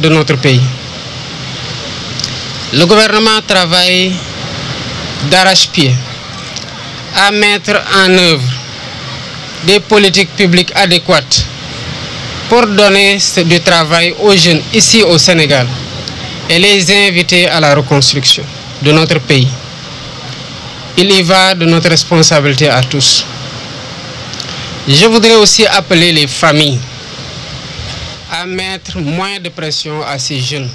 de notre pays. Le gouvernement travaille d'arrache-pied à mettre en œuvre des politiques publiques adéquates pour donner du travail aux jeunes ici au Sénégal et les invités à la reconstruction de notre pays. Il y va de notre responsabilité à tous. Je voudrais aussi appeler les familles à mettre moins de pression à ces jeunes.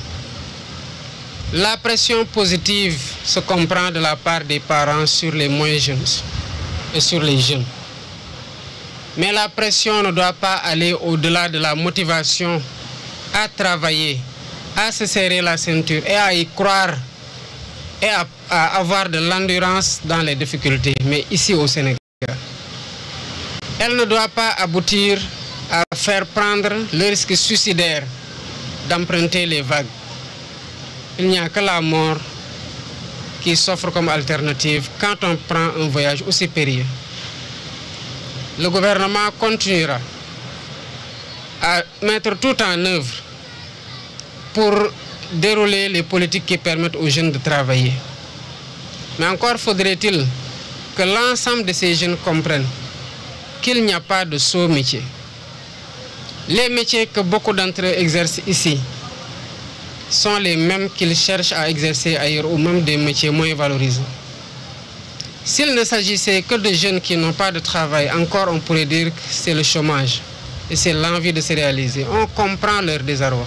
La pression positive se comprend de la part des parents sur les moins jeunes et sur les jeunes. Mais la pression ne doit pas aller au-delà de la motivation à travailler, à se serrer la ceinture et à y croire et à, à avoir de l'endurance dans les difficultés, mais ici au Sénégal. Elle ne doit pas aboutir à faire prendre le risque suicidaire d'emprunter les vagues. Il n'y a que la mort qui s'offre comme alternative quand on prend un voyage aussi périlleux. Le gouvernement continuera à mettre tout en œuvre pour dérouler les politiques qui permettent aux jeunes de travailler. Mais encore faudrait-il que l'ensemble de ces jeunes comprennent qu'il n'y a pas de saut métier. Les métiers que beaucoup d'entre eux exercent ici sont les mêmes qu'ils cherchent à exercer ailleurs ou même des métiers moins valorisés. S'il ne s'agissait que de jeunes qui n'ont pas de travail, encore on pourrait dire c'est le chômage et c'est l'envie de se réaliser. On comprend leur désarroi.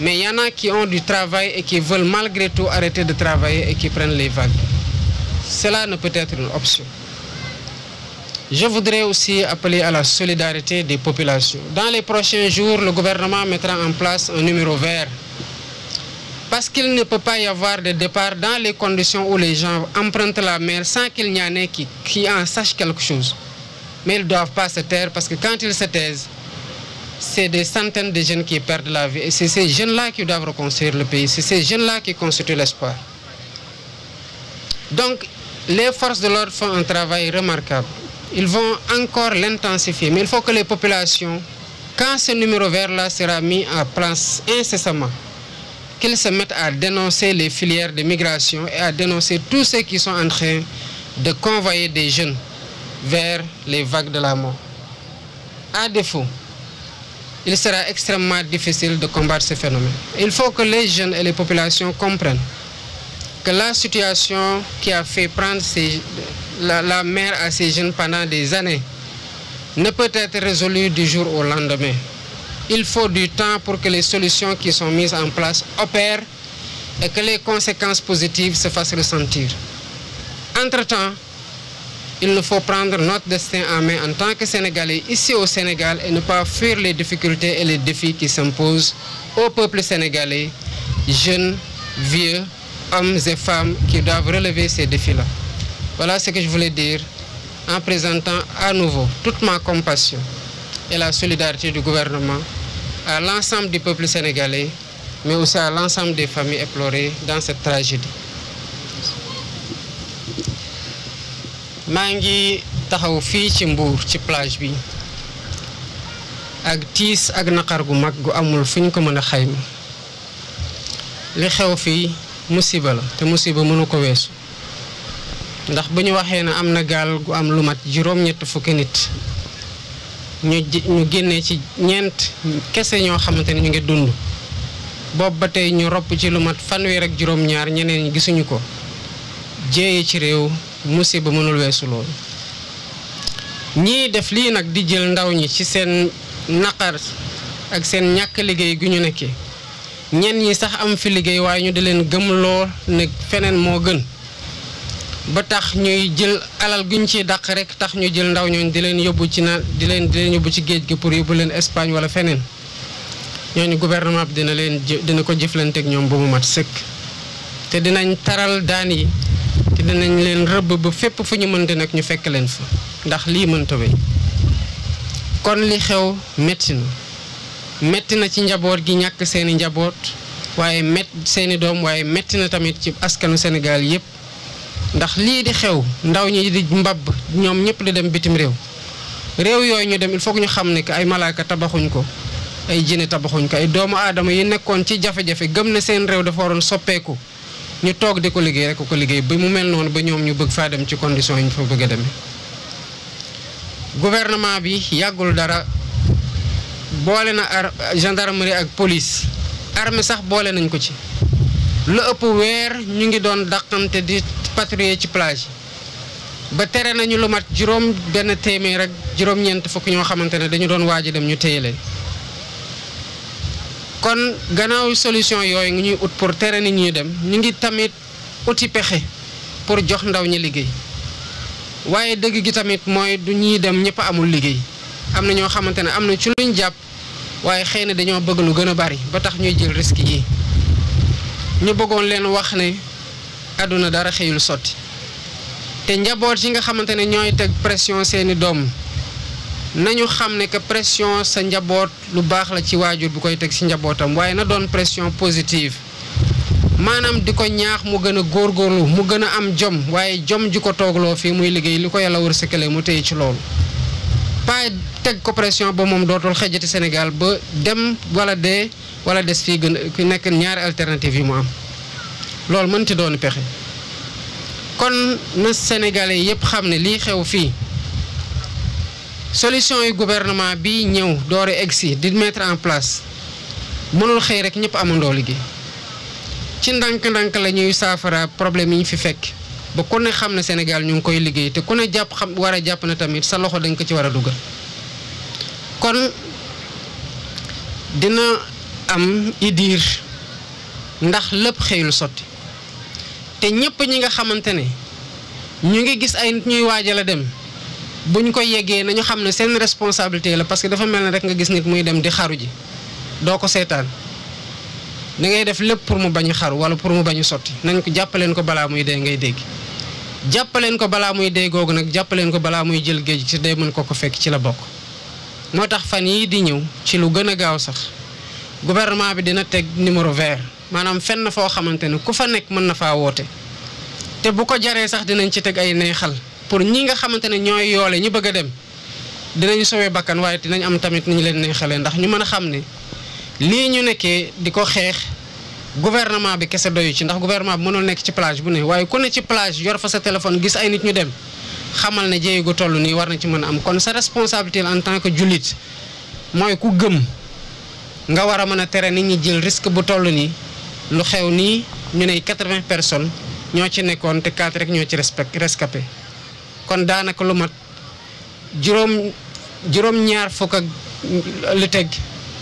Mais il y en a qui ont du travail et qui veulent malgré tout arrêter de travailler et qui prennent les vagues. Cela ne peut être une option. Je voudrais aussi appeler à la solidarité des populations. Dans les prochains jours, le gouvernement mettra en place un numéro vert parce qu'il ne peut pas y avoir de départ dans les conditions où les gens empruntent la mer sans qu'il n'y en ait qui, en sache quelque chose. Mais ils doivent pas se taire parce que quand ils se taisent, c'est des centaines de jeunes qui perdent la vie. Et c'est ces jeunes-là qui doivent reconstruire le pays. C'est ces constituent l'espoir. Donc, les forces de l'ordre font un ils vont encore l'intensifier. Mais il faut que les populations, quand ce numéro vert-là sera mis en place incessamment, qu'ils se mettent à dénoncer les filières de migration et à dénoncer tous ceux qui sont en train de convoyer des jeunes vers les vagues de la mort. À défaut, il sera extrêmement difficile de combattre ce phénomène. Il faut que les jeunes et les populations comprennent que la situation qui a fait prendre ces la, la mère à ces jeunes pendant des années ne peut être résolue du jour au lendemain. Il faut du temps pour que les solutions qui sont mises en place opèrent et que les conséquences positives se fassent ressentir. Entre-temps, il nous faut prendre notre destin en main en tant que Sénégalais ici au Sénégal et ne pas fuir les difficultés et les défis qui s'imposent au peuple sénégalais, jeunes, vieux, hommes et femmes qui doivent relever ces défis-là. Voilà ce que je voulais dire en présentant à nouveau toute ma compassion et la solidarité du gouvernement à l'ensemble du peuple sénégalais, mais aussi à l'ensemble des familles éplorées dans cette tragédie. maa ngi taxaw fii ci Mbour ci plage bi ak tiis ak naqar gu mag gu amul fu ñu ko mën a xayma li xew fii musiba la te musiba mënu ko weesu ndax bu ñu waxee ne am na gaal gu am lu mat juróom-ñett fukki nit ñu ñu génnee ci ñeent kese ñoo xamante ne ñu ngi dund boobu ba tey ñu ropp ci lu mat fanweer ak juróom-ñaar ñeneen gisuñu ko jéeye ci réew musiba mënul weesu lool. ñii def lii nag di jël ndaw ñi ci seen naqar ak seen ñàkk liggéey gi ñu nekkee ñenn ñi sax am fi liggéey waaye ñu di leen gëm lool ne feneen moo gën. ba tax ñuy jël alal guñ ciy dàq rek tax ñu jël ndaw ñooñu di leen yóbbu ci naan di leen di yóbbu ci géej gi pour yi bu leen Espagne wala feneen ñooñu gouvernement bi dina leen dina ko jëflanteeg ñoom ba mu mat sëkk. te dinañ taral daan yi te dinañ leen rëbb ba fépp fu ñu mënte nag ñu fekk leen fa ndax lii mënta wéy kon li xew métti na métti na ci njaboot gi ñàkk seeni njaboot waaye mett seeni doom waaye métti na tamit ci askanu Sénégal yépp ndax lii di xew ndaw ñi di mbab ñoom ñëpp di dem bitim réew réew yooyu ñu dem il faut ñu xam ne que ay malaaka tabaxuñ ko ay jinne tabaxuñ ko ay doomu aadama yi nekkoon ci jafe-jafe gëm na seen réew dafa waroon soppeeku ñu toog di ko liggéey rekk ko liggéey bi mu mel noonu ba ñoom ñu bëgg faa dem ci condition yi ñu fa bëgg demee. gouvernement bi yàggul dara boole na gendarmerie ak police armée sax boole nañ ko ci. lu ëpp weer ñu ngi doon dàqante di patrouiller ci plage ba tere nañu lu mat juróom benn téeméer ak juróom-ñeent fukk ñoo xamante ne dañu doon waaj dem ñu téye leen kon gannaaw solution yooyu ngi ñuy ut pour tere nit ñuy dem ñu ngi tamit uti pexe pour jox ndaw ñi liggéey waaye dëgg gi tamit mooy du ñuy dem ñëpp amul liggéey am na ñoo xamante ne am na ci luñ jàpp waaye xëy na dañoo bëgg lu gën a bari ba tax ñuy jël risque yi. ñu bëggoon leen wax ne àdduna dara xëyul sotti te njaboot yi nga xamante ne ñooy teg pression seeni doom nañu xam ne que pression sa njaboot lu baax la ci waajur bu koy teg ci njabootam waaye na doon pression positive maanaam di ko ñaax mu gën a góorgóorlu mu gën a am jom waaye jom ju ko toog loo fii muy liggéey li ko yàlla wërsëgale mu téye ci loolu pas teg ko pression ba moom dootul xëjati senegal ba dem wala dee wala des fii gën nekk ñaari alternative yi mu am loolu mënti doon pexe kon na Sénégalais yépp xam ne lii xew fii solution yu gouvernement bi ñëw doori egsi di mettre en place mënul xëy rek ñëpp amandoo liggéey ci ndànk ndank la ñuy saafara problème yi ñu fi fekk ba ku ne xam na Sénégal ñu ngi koy liggéey te ku ne jàpp xam war a jàpp na tamit sa loxo dañ ko ci war a dugal kon dina am idiir ndax lépp xëyul sotti te ñëpp ñi nga xamante ne ñu ngi gis ay nit ñuy waajal a dem ñu ko yeggee nañu xam ne seen responsabilité la parce que dafa mel ne rek nga gis nit muy dem di xaru ji doo ko seetaan da ngay def lépp pour mu bañ xaru wala pour mu bañ sotti nañ ko jàppaleen ko balaa muy dee ngay dégg. jàppaleen ko balaa muy dee googu nag jàppaleen ko balaa muy jël géej ci day mën ko ko fekk ci la bokk moo tax fan yii di ñëw ci lu gën a gaaw sax gouvernement bi dina teg numéro vert maanaam fenn foo xamante ne ku fa nekk mën na faa woote te bu ko jaree sax dinañ ci teg ay neexal pour ñi nga xamante ne ñooy yoole ñu bëgg a dem dinañ sowee bàkkan waaye dinañ am tamit nañu ñu leen neexalee ndax ñu mën a xam ne lii ñu nekkee di ko xeex gouvernement bi kese doyu ci ndax gouvernement bi mënul nekk ci plage bu ne waaye ku ne ci plage yor fa sa téléphone gis ay nit ñu dem xamal na jéego gu toll nii war na ci mën a am kon sa responsabilité en tant que jullit mooy ku gëm nga war a mën a tere nit ñi jël risque bu toll nii lu xew nii ñu ne 80 personnes ñoo ci nekkoon te 4 rek ñoo ci respect rescapé kon daanaka lu mat juróom juróom-ñaar fukk ak lu teg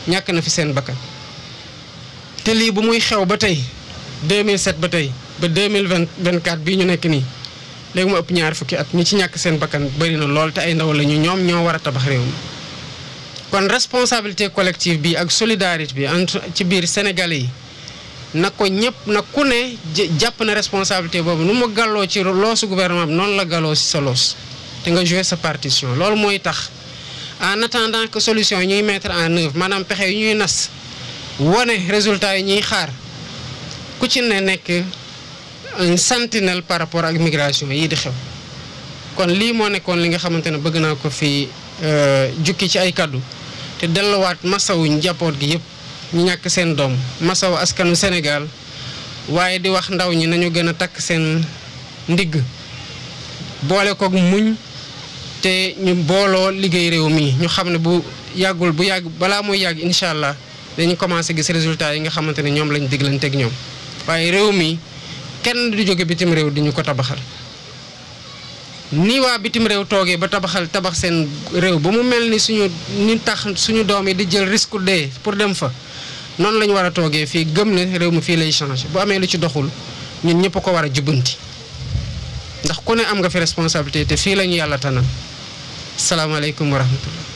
ñàkk na fi seen bakkan. te lii bu muy xew ba tey 2007 ba tey ba 2024 bii ñu nekk nii léegi mu ëpp ñaar fukki at ñi ci ñàkk seen bakkan bëri na lool te ay ndaw la ñu ñoom ñoo war a tabax réew mi kon responsabilité collective bi ak solidarité bi entre ci biir Sénégalais yi na ko ñëpp na ku ne jàpp na responsabilité boobu nu mu galloo ci loosu gouvernement bi noonu la galloo ci sa loos te nga jouer sa partition loolu mooy tax en attendant que solution yi ñuy mettre en œuvre maanaam pexe yu ñuy nas wane résultat yi ñuy xaar ku ci ne nekk un par rapport ak migration yi di xew kon lii moo nekkoon li nga xamante ne bëgg naa ko fi euh, jukki ci ay kaddu te dellowaat delluwaat masawu njaboot gi yëpp ñu ñàkk seen doom masawu askanu senegal waaye di wax ndaw ñi nañu gën a takk seen ndigg boole koog muñ te ñu booloo liggéey réew mi ñu xam ne bu yàggul bu yàgg balaa muy yàgg incha allah. dañu commencé gis résultat yi nga xamante ne ñoom lañ diglanteeg ñoom waaye réew mii kenn du jóge bitim réew di ñu ko tabaxal ni waa bitim réew toogee ba tabaxal tabax seen réew ba mu mel ni suñu ni tax suñu doom yi di jël risque dee pour dem fa noonu la ñu war a toogee fii gëm ne réew mi fii lay changé bu amee lu ci doxul ñun ñëpp ko war a jubbanti ndax ku ne am nga fi responsabilité te fii la ñu yàlla tanal salaamaaleykum wa rahmatullah